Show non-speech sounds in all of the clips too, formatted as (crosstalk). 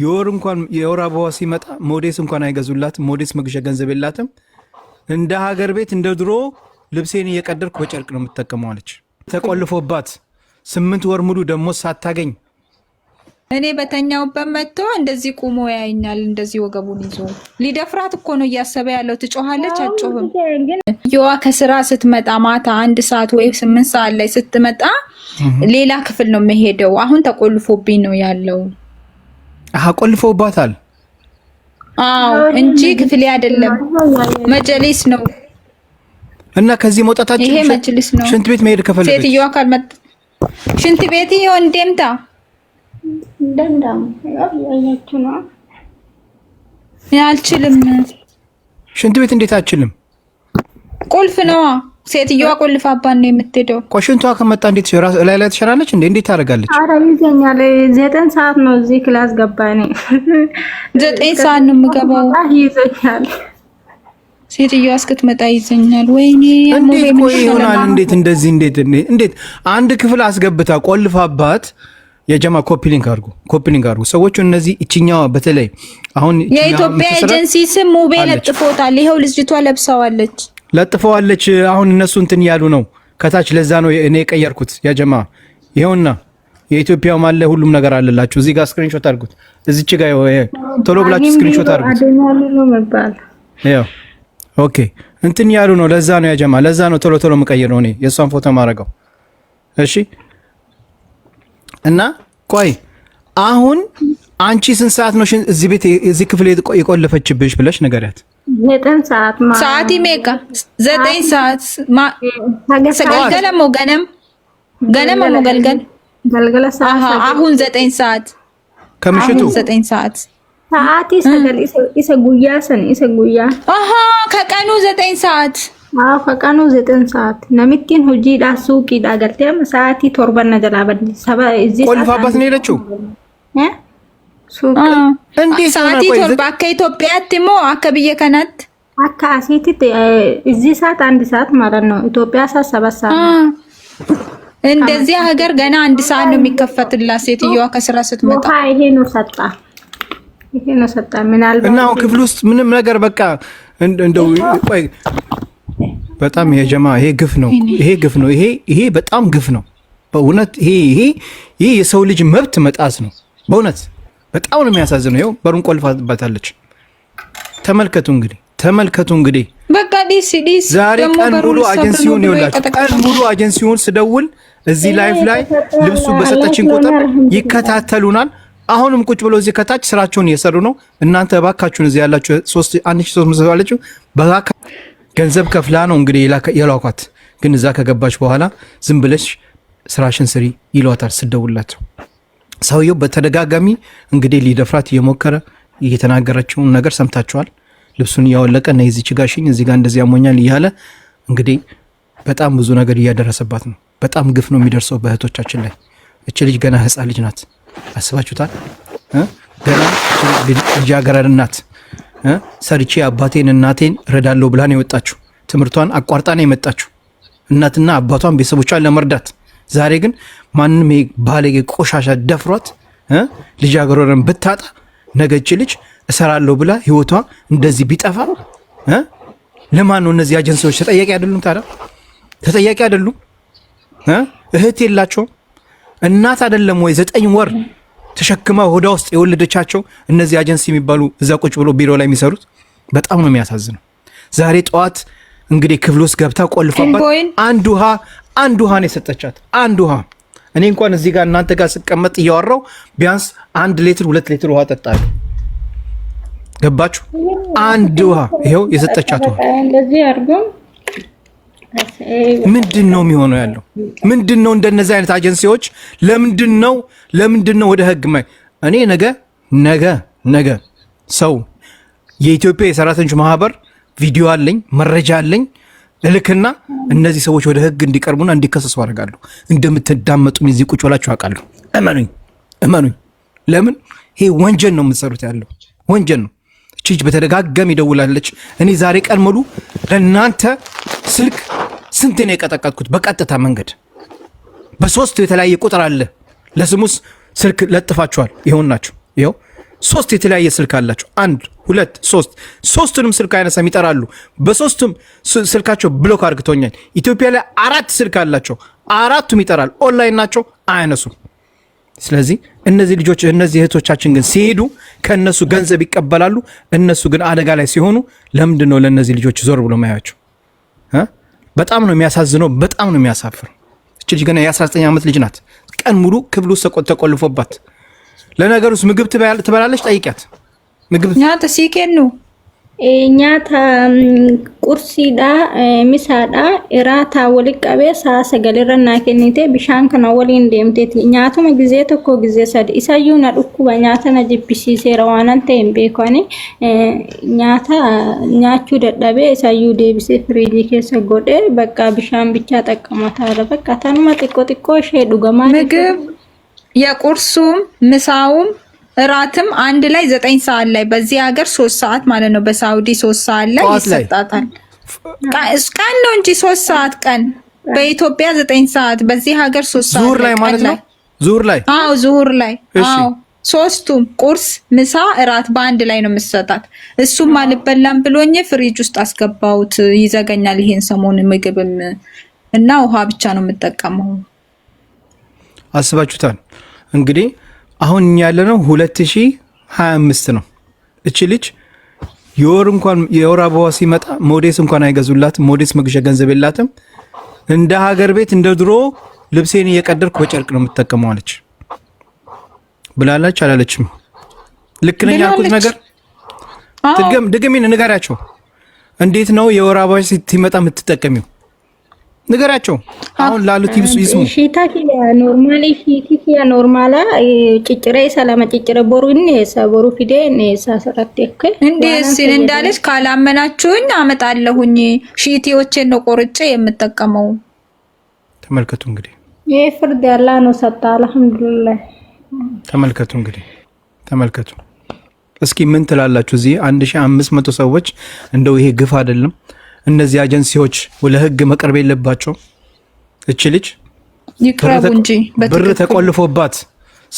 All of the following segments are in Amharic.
የወር እንኳን የወር አበባ ሲመጣ ሞዴስ እንኳን አይገዙላትም። ሞዴስ መግዣ ገንዘብ የላትም። እንደ ሀገር ቤት እንደ ድሮ ልብሴን እየቀደርኩ በጨርቅ ነው የምትጠቀመዋለች። ተቆልፎባት ስምንት ወር ሙሉ ደግሞ ሳታገኝ እኔ በተኛውበት መጥቶ እንደዚህ ቁሞ ያይኛል። እንደዚህ ወገቡን ይዞ ሊደፍራት እኮ ነው እያሰበ ያለው። ትጮኋለች፣ አጮህም የዋ ከስራ ስትመጣ ማታ አንድ ሰዓት ወይ ስምንት ሰዓት ላይ ስትመጣ ሌላ ክፍል ነው የምሄደው። አሁን ተቆልፎብኝ ነው ያለው አቆልፎባታል። አዎ እንጂ ክፍሌ አይደለም መጀሊስ ነው። እና ከዚህ መውጣታችን ይሄ መጅልስ ነው። ሽንት ቤት መሄድ ከፈለገች ሴትዮዋ ካልመጣ ሽንት ቤት ይሆን ደምታ ደምታ አልችልም። ሽንት ቤት እንዴት አልችልም? ቁልፍ ነዋ ሴትዮዋ ቆልፋባን ነው የምትሄደው። ቆሽንቷ ከመጣ እንዴት ላይ ላይ ትሸራለች እንዴ? እንዴት ታደርጋለች? አረ ይዘኛል። ዘጠኝ ሰዓት ነው እዚህ ክላስ ገባኔ። ዘጠኝ ሰዓት ነው የምገባው። ይዘኛል። ሴትዮዋ እስክትመጣ ይዘኛል። ወይኔ እንዴት ቆይ ይሆናል? እንዴት እንደዚህ እንዴት እንዴት አንድ ክፍል አስገብታ ቆልፋባት። የጀማ ኮፒሊንግ አድርጉ፣ ኮፒሊንግ አድርጉ ሰዎቹ። እነዚህ እችኛዋ በተለይ አሁን የኢትዮጵያ ኤጀንሲ ስም ሙቤ ለጥፎታል። ይኸው ልጅቷ ለብሰዋለች ለጥፈዋለች። አሁን እነሱ እንትን እያሉ ነው ከታች። ለዛ ነው እኔ የቀየርኩት። ያጀማ ይኸውና የኢትዮጵያውም አለ ሁሉም ነገር አለላችሁ። እዚህ ጋር ስክሪንሾት አድርጉት። እዚች ጋር ቶሎ ብላችሁ ስክሪንሾት አድርጉት። ያው ኦኬ እንትን ያሉ ነው። ለዛ ነው ያጀማ፣ ለዛ ነው ቶሎ ቶሎ መቀየር ነው እኔ የእሷን ፎቶ ማድረገው። እሺ እና ቆይ አሁን አንቺ ስንት ሰዓት ነው እዚህ ቤት እዚህ ክፍል የቆለፈችብሽ ብለሽ ንገሪያት። ዘጠኝ ሰዓት ማ ሰዓት ይሜቃ ዘጠኝ ሰዓት ማ ሰገልገለ ሞ ገነም ገነም ሞ ገልገለ ሰዓት አሁን ዘጠኝ ሰዓት ከምሽቱ ዘጠኝ ሰዓት ሰዓት ይሰገል ይሰጉያ ሰን ይሰጉያ አሃ ከቀኑ ዘጠኝ ሰዓት አዎ ከቀኑ ዘጠኝ ሰዓት ነምቲን ሁጂዳ ሱቂዳ ገልቴም ሰዓቲ ቶርበና ጀላበድ ሰባ እዚህ ቆልፋባት ነው የሄደችው እ ከኢትዮጵያ እንደዚህ ሀገር ገና አንድ ሰዓት ነው የሚከፈትላት። ሴትዮዋ ከስራ ስትመጣ ይሄ ነው ሰጣ ይሄ ነው ሰጣ። ምናልባት እና ክፍል ውስጥ ምንም ነገር በቃ እንደው ቆይ በጣም ይሄ ይሄ ግፍ ነው። ይሄ ግፍ ነው። ይሄ ይሄ በጣም ግፍ ነው በእውነት ይሄ ይሄ ይሄ የሰው ልጅ መብት መጣስ ነው በእውነት በጣም ነው የሚያሳዝነው። ይኸው በሩን ቆልፋባታለች። ተመልከቱ እንግዲህ ተመልከቱ እንግዲህ በቃ ዲሲ ዲሲ ዛሬ ቀን ሙሉ አጀንሲውን ይወላችሁ ቀን ሙሉ አጀንሲውን ስደውል እዚህ ላይፍ ላይ ልብሱ በሰጠችን ቁጥር ይከታተሉናል። አሁንም ቁጭ ብሎ እዚህ ከታች ስራቸውን እየሰሩ ነው። እናንተ እባካችሁን እዚህ ያላችሁ 1300 ባለችው በባካ ገንዘብ ከፍላ ነው እንግዲህ የላኳት። ግን እዛ ከገባች በኋላ ዝም ብለሽ ስራሽን ስሪ ይሏታል ስደውላቸው ሰውየው በተደጋጋሚ እንግዲህ ሊደፍራት እየሞከረ እየተናገረችውን ነገር ሰምታችኋል። ልብሱን እያወለቀ እና የዚች ጋሽኝ እዚህ ጋር እንደዚህ ያሞኛል እያለ እንግዲህ በጣም ብዙ ነገር እያደረሰባት ነው። በጣም ግፍ ነው የሚደርሰው በእህቶቻችን ላይ። እች ልጅ ገና ህፃን ልጅ ናት። አስባችሁታል? ገና ልጃገረድ ናት። ሰርቼ አባቴን እናቴን እረዳለሁ ብላ ነው የወጣችሁ። ትምህርቷን አቋርጣ ነው የመጣችሁ። እናትና አባቷን ቤተሰቦቿን ለመርዳት ዛሬ ግን ማንም ባለጌ ቆሻሻ ደፍሯት ልጃገረዶን ብታጣ ነገች ልጅ እሰራለሁ ብላ ህይወቷ እንደዚህ ቢጠፋ ለማን ነው እነዚህ አጀንሲዎች ተጠያቂ አይደሉም? ታዲያ ተጠያቂ አይደሉም? እህት የላቸውም? እናት አይደለም ወይ ዘጠኝ ወር ተሸክማ ሆዳ ውስጥ የወለደቻቸው እነዚህ አጀንሲ የሚባሉ እዛ ቁጭ ብሎ ቢሮ ላይ የሚሰሩት በጣም ነው የሚያሳዝነው። ዛሬ ጠዋት እንግዲህ ክፍል ውስጥ ገብታ ቆልፋባት አንድ ውሃ አንድ ውሃ ነው የሰጠቻት አንድ ውሃ። እኔ እንኳን እዚህ ጋር እናንተ ጋር ስቀመጥ እያወራው ቢያንስ አንድ ሌትር ሁለት ሌትር ውሃ ጠጣለሁ። ገባችሁ? አንድ ውሃ ይኸው የሰጠቻት ውሃ። ምንድን ነው የሚሆነው ያለው? ምንድን ነው እንደነዚህ አይነት አጀንሲዎች ለምንድን ነው ለምንድን ነው ወደ ህግ ማይ እኔ ነገ ነገ ነገ ሰው የኢትዮጵያ የሰራተኞች ማህበር ቪዲዮ አለኝ መረጃ አለኝ ልልክና እነዚህ ሰዎች ወደ ህግ እንዲቀርቡና እንዲከሰሱ አደርጋለሁ። እንደምትዳመጡ እዚህ ቁጭ ብላችሁ አውቃለሁ። እመኑኝ፣ እመኑኝ። ለምን ይሄ ወንጀል ነው የምትሰሩት ያለው ወንጀል ነው። ችጅ በተደጋጋሚ ይደውላለች። እኔ ዛሬ ቀን ሙሉ ለእናንተ ስልክ ስንት ነው የቀጠቀጥኩት? በቀጥታ መንገድ በሶስት የተለያየ ቁጥር አለ። ለስሙስ ስልክ ለጥፋችኋል። ናቸው ይኸው ሶስት የተለያየ ስልክ አላቸው። አንድ ሁለት ሶስት ሶስቱንም ስልክ አይነሳም፣ ይጠራሉ። በሶስቱም ስልካቸው ብሎክ አርግቶኛል። ኢትዮጵያ ላይ አራት ስልክ አላቸው፣ አራቱም ይጠራል። ኦንላይን ናቸው፣ አያነሱም። ስለዚህ እነዚህ ልጆች እነዚህ እህቶቻችን ግን ሲሄዱ ከእነሱ ገንዘብ ይቀበላሉ። እነሱ ግን አደጋ ላይ ሲሆኑ ለምንድን ነው ለእነዚህ ልጆች ዞር ብሎ ማያቸው? በጣም ነው የሚያሳዝነው። በጣም ነው የሚያሳፍር። እች ልጅ ገና የ19 ዓመት ልጅ ናት። ቀን ሙሉ ክፍል ውስጥ ተቆልፎባት ለነገሩስ ምግብ ትበላለች? ጠይቂያት። ምግብ ኛተ ነው ኛታ ቁርሲዳ ሚሳዳ እራታ ወሊት ቀቤ ሰዓ ሰገሌረና ኬኒቴ ብሻን ከና ወሊን ደምቴት ኛቱመ ጊዜ ተኮ ጊዜ ሰድ ኢሳዩ ና ዱኩበ ኛተነ ጅብሲሴረ ዋናን ተይን ቤኮኒ ኛታ ኛቹ ደደቤ ኢሳዩ ዴቢሴ ፍሪጂ ከሰ ጎዴ በቃ ብሻን ብቻ ጠቀመታለ በቃ ታኑመ ጢቆ ጥቆ ሼ ዱገማ ምግብ የቁርሱም ምሳውም እራትም አንድ ላይ ዘጠኝ ሰዓት ላይ በዚህ ሀገር ሶስት ሰዓት ማለት ነው። በሳውዲ ሶስት ሰዓት ላይ ይሰጣታል። ቀን ነው እንጂ ሶስት ሰዓት ቀን፣ በኢትዮጵያ ዘጠኝ ሰዓት፣ በዚህ ሀገር ሶስት ሰዓት ላይ ማለት ነው። ላይ አዎ፣ ዙር ላይ አዎ። ሶስቱም ቁርስ፣ ምሳ፣ እራት በአንድ ላይ ነው የምሰጣት። እሱም አልበላም ብሎኝ ፍሪጅ ውስጥ አስገባሁት። ይዘገኛል ይሄን ሰሞን ምግብም እና ውሃ ብቻ ነው የምጠቀመው። አስባችሁታል። እንግዲህ አሁን እኛ ያለነው 2025 ነው። እቺ ልጅ የወር እንኳን የወር አበባ ሲመጣ ሞዴስ እንኳን አይገዙላትም። ሞዴስ መግዣ ገንዘብ የላትም። እንደ ሀገር ቤት እንደ ድሮ ልብሴን እየቀደርኩ በጨርቅ ነው የምትጠቀመው አለች ብላለች። አላለችም? ልክ ነኝ ያልኩት ነገር ድገሚን ንገሪያቸው። እንዴት ነው የወር አበባ ሲመጣ የምትጠቀሚው? ንገራቸው አሁን ላሉት ይብሱ ይስሙ ሺታ ኪያ ኖርማሊ ሺቲ ኪያ ኖርማላ ጭጭሬ ሰላማ ጭጭሬ ቦሩ እኔ ሰቦሩ ፊዴ እኔ ሳሰራት እኮ እንዴ ሲን እንዳለች ካላመናችሁኝ አመጣለሁኝ ሺቲዎቼን ነው ቆርጬ የምጠቀመው። ተመልከቱ እንግዲህ ይሄ ፍርድ ያላ ነው ሰጣ አልሐምዱሊላህ። ተመልከቱ እንግዲህ ተመልከቱ እስኪ ምን ትላላችሁ? እዚህ 1500 ሰዎች እንደው ይሄ ግፍ አይደለም? እነዚህ አጀንሲዎች ለህግ መቅረብ የለባቸው? እች ልጅ ይቅረቡ እንጂ ብር ተቆልፎባት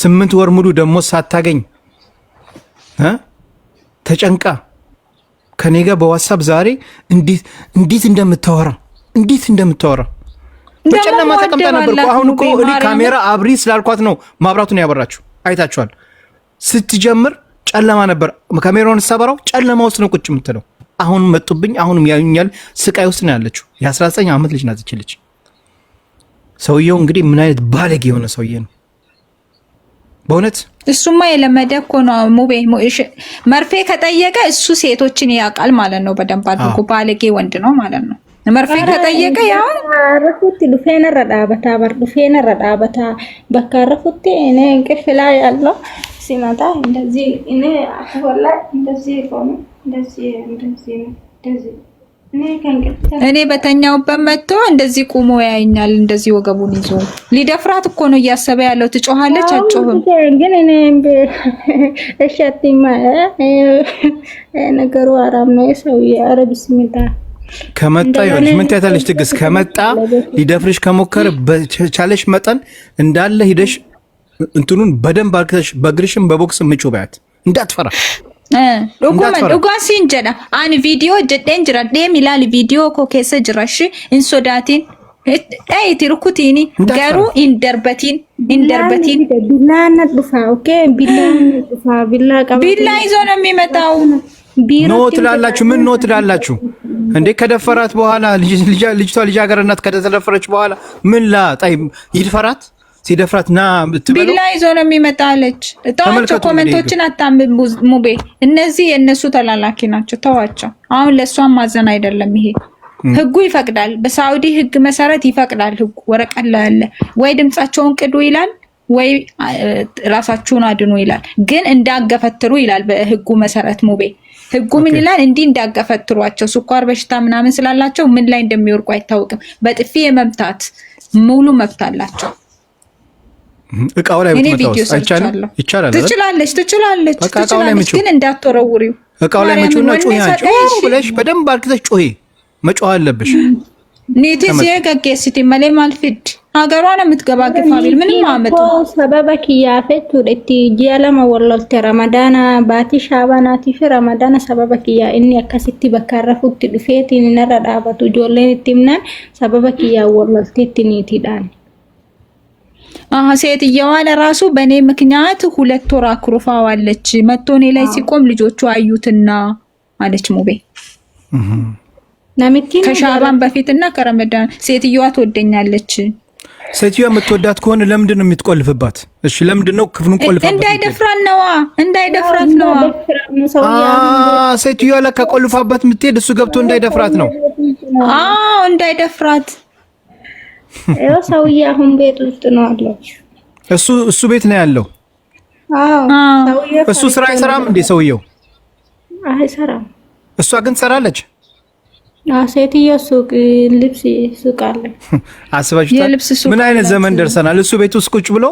ስምንት ወር ሙሉ ደሞዝ ሳታገኝ ተጨንቃ ከኔ ጋር በዋትሳፕ ዛሬ እንዴት እንደምታወራ እንዴት እንደምታወራ በጨለማ ተቀምጣ ነበር። አሁን እኮ እኔ ካሜራ አብሪ ስላልኳት ነው ማብራቱን ያበራችሁ። አይታችኋል። ስትጀምር ጨለማ ነበር። ካሜራውን ሳበራው ጨለማ ውስጥ ነው ቁጭ የምትለው። አሁንም መጡብኝ፣ አሁንም ያዩኛል። ስቃይ ውስጥ ነው ያለችው። የ19 ዓመት ልጅ ናት ልጅ። ሰውየው እንግዲህ ምን አይነት ባለጌ የሆነ ሰውዬ ነው በእውነት። እሱማ የለመደ እኮ ነው ሙቤ። መርፌ ከጠየቀ እሱ ሴቶችን ያውቃል ማለት ነው በደንብ አድርጎ። ባለጌ ወንድ ነው ማለት ነው። መርፌ ከጠየቀ ያው ረፉት ዱፌነረ ዳበታ በር ዱፌነረ ዳበታ በካ ረፉቲ እኔ እንቅልፍ ላይ ያለው ሲመጣ እንደዚህ እኔ ወላሂ እንደዚህ ሆነ እኔ በተኛውበት መጥቶ እንደዚህ ቁሞ ያይኛል። እንደዚህ ወገቡን ይዞ ሊደፍራት እኮ ነው እያሰበ ያለው። ትጮሃለች፣ አትጮህም? ግን እኔ እሻቲማ (laughs) ነገሩ አራም ነው የሰው ኧረ ቢስሚላ ከመጣ ይሆንሽ ምን ትያታለሽ? ትግስት ከመጣ ሊደፍርሽ ከሞከር በቻለሽ መጠን እንዳለ ሂደሽ እንትኑን በደንብ አርክተሽ በእግርሽም በቦክስ ምጩ በያት እንዳትፈራ። Dhugaan siin jedha ani viidiyoo hojjedheen jira deemi ilaali viidiyoo koo keessa jira shi hin sodaatin dhayiti rukutiin garuu hin darbatiin hin darbatiin. Billaan na dhufaa okee billaan na dhufaa billaa qaba. Billaa izoo namni mataa uumu. ኖ ትላላችሁ። ምን ኖ ትላላችሁ እንዴ? ከደፈራት በኋላ ልጅቷ ልጃገረድናት ከተደፈረች በኋላ ምን ላ ይድፈራት ሲደፍራት ና ቢላ ይዞ ነው የሚመጣለች። ተዋቸው፣ ኮመንቶችን አታንብቡ ሙቤ። እነዚህ የእነሱ ተላላኪ ናቸው፣ ተዋቸው። አሁን ለእሷን ማዘን አይደለም ይሄ ህጉ ይፈቅዳል። በሳዑዲ ህግ መሰረት ይፈቅዳል ህጉ። ወረቀት ላይ ያለ ወይ ድምጻቸውን ቅዱ ይላል ወይ ራሳችሁን አድኑ ይላል። ግን እንዳገፈትሩ ይላል በህጉ መሰረት ሙቤ። ህጉ ምን ይላል? እንዲህ እንዳገፈትሯቸው ስኳር በሽታ ምናምን ስላላቸው ምን ላይ እንደሚወርቁ አይታወቅም። በጥፊ የመምታት ሙሉ መብት አላቸው። እቃው ላይ ብትመጣውስ አይቻልም? ይቻላል። ትችላለች ትችላለች ትችላለች፣ ግን እንዳትወረውሪው እቃው ላይ መጪውና ጩኸ ብለሽ በደንብ አርግተሽ ጩኸ መጮህ አለብሽ። ኔቲ ኒቲስ የገጌ ሲቲ መሌ ማልፊድ ሀገሯን የምትገባ ግፋቢል ምንም አመጡ ሰበበ ክያፌቱ ደቲ ጂያለመ ወሎልቴ ረመዳና ባቲ ሻባናቲፊ ረመዳና ሰበበ ክያ እኒ አካሲቲ በካረፉት ዱፌቲን ነራ ዳበቱ ጆሌን ቲምናን ሰበበ ክያ ወሎልቴ ትኒቲዳን ሴትየዋ ለራሱ በእኔ ምክንያት ሁለት ወር አኩርፋዋለች። መቶ እኔ ላይ ሲቆም ልጆቹ አዩትና አለች ሙቤ ከሻባን በፊትና ከረመዳን ሴትዮዋ ትወደኛለች። ሴትዮዋ የምትወዳት ከሆነ ለምንድን ነው የምትቆልፍባት? እሺ ለምንድን ነው ክፍሉን ቆልፋባት? እንዳይደፍራት ነዋ፣ እንዳይደፍራት ነዋ። ሴትዮዋ ለከቆልፋበት የምትሄድ እሱ ገብቶ እንዳይደፍራት ነው። አዎ እንዳይደፍራት ያው ሰውዬ አሁን ቤት ውስጥ ነው አለው። እሱ እሱ ቤት ነው ያለው። እሱ ስራ አይሰራም እንዴ ሰውየው? አይሰራም። እሷ ግን ትሰራለች። ሴትዮ ሱቅ ልብስ ሱቃለ። (laughs) አስባችሁታል? ምን አይነት ዘመን ደርሰናል? እሱ ቤት ውስጥ ቁጭ ብሎ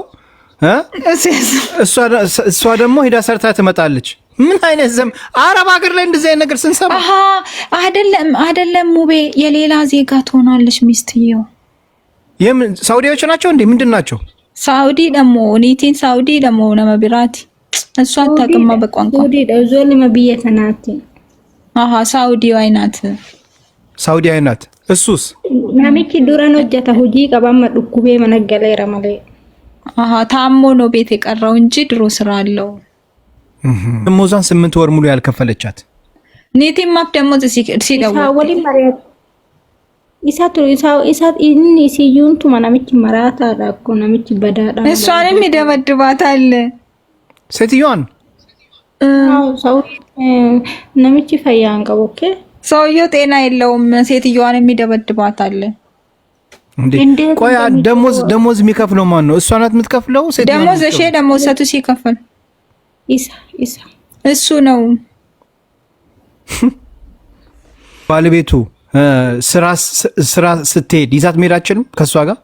እሷ ደግሞ ሄዳ ሰርታ ትመጣለች። ምን አይነት ዘም አረብ ሀገር ላይ እንደዚህ አይነት ነገር ስንሰማ አይደለም አይደለም። ሙቤ የሌላ ዜጋ ትሆናለች ሚስትየው ሳውዲዎች ናቸው እንዴ? ምንድን ናቸው? ሳውዲ ደሞ ኒቲን ሳውዲ ደሞ ነመ ብራቲ እሱ አታቅማ በቋንቋ ሳውዲ አይናት ሳውዲ አይናት እሱስ ናሚኪ ዱራን ወጀታ ሁጂ ቀባማ ዱኩቤ መነገለ ረመለ አሃ ታሞ ነው ቤት የቀረው እንጂ ድሮ ስራ አለው። ደሞዟን ስምንት ወር ሙሉ ያልከፈለቻት ኒቲም ማክ ደሞዝ ሲደውል ስዩንቱ ነምች መራታዳ እኮ ነምች በዳዳ እሷንም ይደበድባታል። ሴትዮዋን ነምች ፈያን ሰውየው ጤና የለውም። ሴትዮዋንም ይደበድባታል። ቆይ ደሞዝ ደሞዝ የሚከፍለው ማን ነው? እሷ ናት የምትከፍለው ደሞዝ። እሺ ደሞዝ ሰቱ ሲከፍል እሱ ነው ባለቤቱ ስራ ስትሄድ ይዛት መሄድ አችልም። ከእሷ ጋር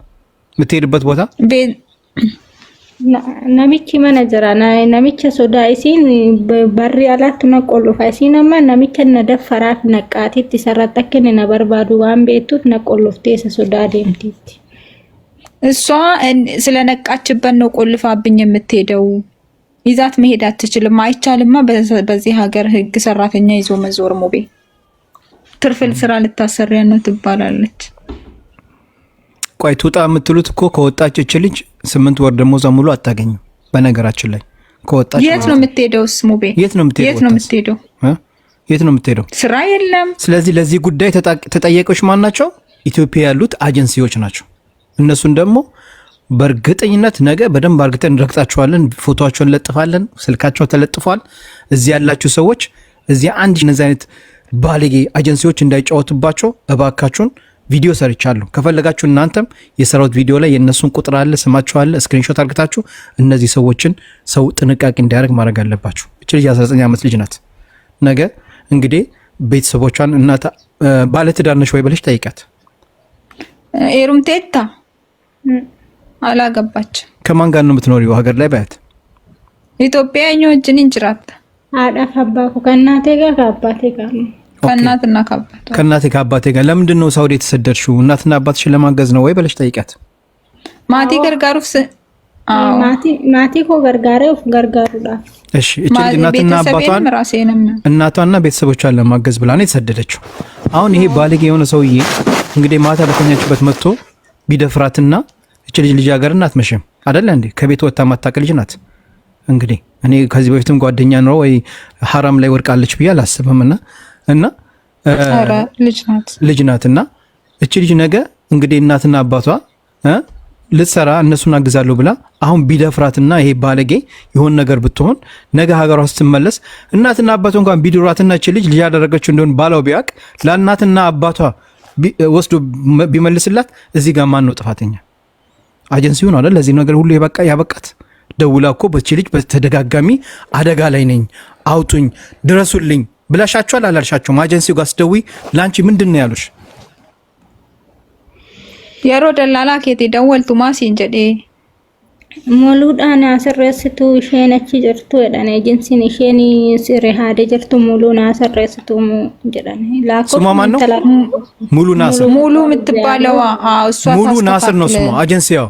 የምትሄድበት ቦታ ነሚች መነጀራ ናሚቸ ሶዳ እሲን በር አላት ነቆሉፋ እሲንማ ናሚቸ ነደፈራት ነቃቲት ሰራጠክን ነበርባዱ ዋን ቤቱት ነቆሉፍቴሰ ሶዳ ዴምቲት እሷ ስለነቃችበት ነው ቆልፋብኝ የምትሄደው። ይዛት መሄድ አትችልም፣ አይቻልማ። በዚህ ሀገር ህግ ሰራተኛ ይዞ መዞር ሞቤ ትርፍል ስራ ልታሰሪያ ነው ትባላለች። ቆይ ትውጣ የምትሉት እኮ ከወጣች እች ልጅ ስምንት ወር ደሞዟ ሙሉ አታገኝም። በነገራችን ላይ ከወጣች የት ነው የምትሄደው? ስሙቤ የት ነው የምትሄደው? የት ነው የምትሄደው? ስራ የለም። ስለዚህ ለዚህ ጉዳይ ተጠያቂዎች ማን ናቸው? ኢትዮጵያ ያሉት አጀንሲዎች ናቸው። እነሱን ደግሞ በእርግጠኝነት ነገ በደንብ አርግተን እንረግጣቸዋለን። ፎቶቸውን እንለጥፋለን። ስልካቸው ተለጥፏል። እዚህ ያላችሁ ሰዎች እዚህ አንድ እነዚህ አይነት ባለጌ አጀንሲዎች እንዳይጫወቱባቸው እባካችሁን ቪዲዮ ሰርቻለሁ። ከፈለጋችሁ እናንተም የሰራሁት ቪዲዮ ላይ የእነሱን ቁጥር አለ፣ ስማቸው አለ። ስክሪንሾት አርግታችሁ እነዚህ ሰዎችን ሰው ጥንቃቄ እንዲያደርግ ማድረግ አለባችሁ። እች ልጅ 19 ዓመት ልጅ ናት። ነገ እንግዲህ ቤተሰቦቿን እናታ ባለትዳር ነሽ ወይ ብለሽ ጠይቃት። ኤሩምቴታ አላገባች። ከማን ጋር ነው የምትኖሪው? ሀገር ላይ ባያት ኢትዮጵያ ኞችን እንጭራት አዳፍ አባኩ ከእናቴ ጋር ከአባቴ ጋር ነው ከእናትና ከአባቴ ከእናቴ ከአባቴ ጋር። ለምንድን ነው ሳውዲ የተሰደድሽው? እናትና አባትሽን ለማገዝ ነው ወይ ብለሽ ጠይቂያት። ማቲ ገርጋሩፍ ማቲ ኮ ገርጋሩፍ ገርጋሩ እሺ እቺ እናትና አባቷን እናቷና ቤተሰቦቿን ለማገዝ ብላ ነው የተሰደደችው። አሁን ይሄ ባለጌ የሆነ ሰውዬ እንግዲህ ማታ በተኛችበት መጥቶ ቢደፍራትና እቺ ልጅ ልጅ ሀገር እናት መቼም አይደለ እንዴ? ከቤት ወጣ ማታውቅ ልጅ ናት። እንግዲህ እኔ ከዚህ በፊትም ጓደኛ ኑሮ ወይ ሀራም ላይ ወድቃለች ብዬ አላስብም እና ልጅ ናት እና እቺ ልጅ ነገ እንግዲህ እናትና አባቷ ልትሰራ እነሱን አግዛለሁ ብላ አሁን ቢደፍራትና ይሄ ባለጌ የሆን ነገር ብትሆን ነገ ሀገሯ ስትመለስ እናትና አባቷ እንኳን ቢድሯትና እቺ ልጅ ልጅ ያደረገችው እንደሆን ባለው ቢያውቅ ለእናትና አባቷ ወስዶ ቢመልስላት እዚህ ጋር ማን ነው ጥፋተኛ? አጀንሲውን አለ ለዚህ ነገር ሁሉ ያበቃት ደውላ እኮ በቺ ልጅ በተደጋጋሚ አደጋ ላይ ነኝ፣ አውጡኝ፣ ድረሱልኝ ብላሻቸዋል አላልሻቸውም? አጀንሲው ጋር ስደውይ ለአንቺ ምንድን ነው ያሉሽ? የሮ ደላላ ኬቴ ደወልቱ ማሲን ጀዴ ሙሉዳን አሰረስቱ ሸነች ጀርቱ የዳነ ኤጀንሲን ሸኒ ስሬ ሀደ ጀርቱ ሙሉና አሰረስቱ ጀዳነ ላኮ ስሟ ማን ነው? ሙሉ ናስር ሙሉ የምትባለዋ እሷ ሙሉ ናስር ነው ስሟ። አጀንሲያው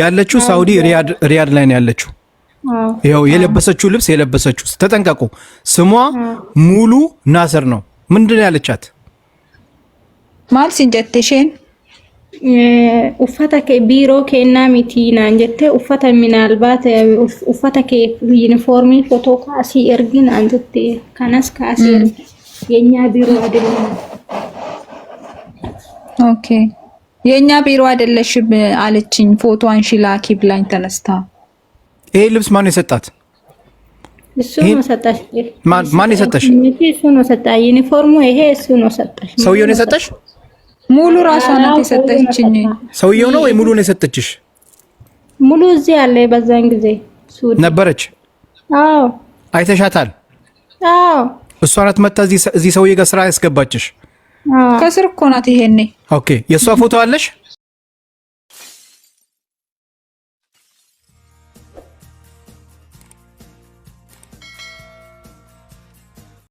ያለችው ሳውዲ ሪያድ ሪያድ ላይ ነው ያለችው። ይኸው የለበሰችው ልብስ የለበሰችው ተጠንቀቁ። ስሟ ሙሉ ናስር ነው። ምንድን ነው ያለቻት? ማል ሲንጀትሽን ኡፈተ ቢሮ ኬና ሚቲ ናንጀቴ ጀቴ ኡፈተ ምናልባት ኡፈተ ከ ዩኒፎርሚ ፎቶ ካሲ እርግን አንትቴ ከነስ ካሲ የኛ ቢሮ አይደለም። ኦኬ የኛ ቢሮ አይደለሽም አለችኝ። ፎቶ አንሺ ላኪ ብላኝ ተነስታ ይሄ ልብስ ማን የሰጣት? እሱ ነው ሰጣሽ? ማን የሰጣሽ? እሱ ነው ሰጣ። ዩኒፎርሙ ይሄ እሱ ነው ሰጣሽ? ሰውየው ነው የሰጣሽ? ሙሉ ራሷ ናት የሰጠችኝ። ሰውየው ነው ወይ ሙሉ ነው የሰጠችሽ? ሙሉ እዚህ አለ። በዛን ጊዜ ነበረች። አዎ፣ አይተሻታል? አዎ። እሷ ናት መታ እዚህ ሰውዬ ጋር ስራ ያስገባችሽ። ከስር እኮ ናት ይሄኔ። ኦኬ፣ የእሷ ፎቶ አለሽ?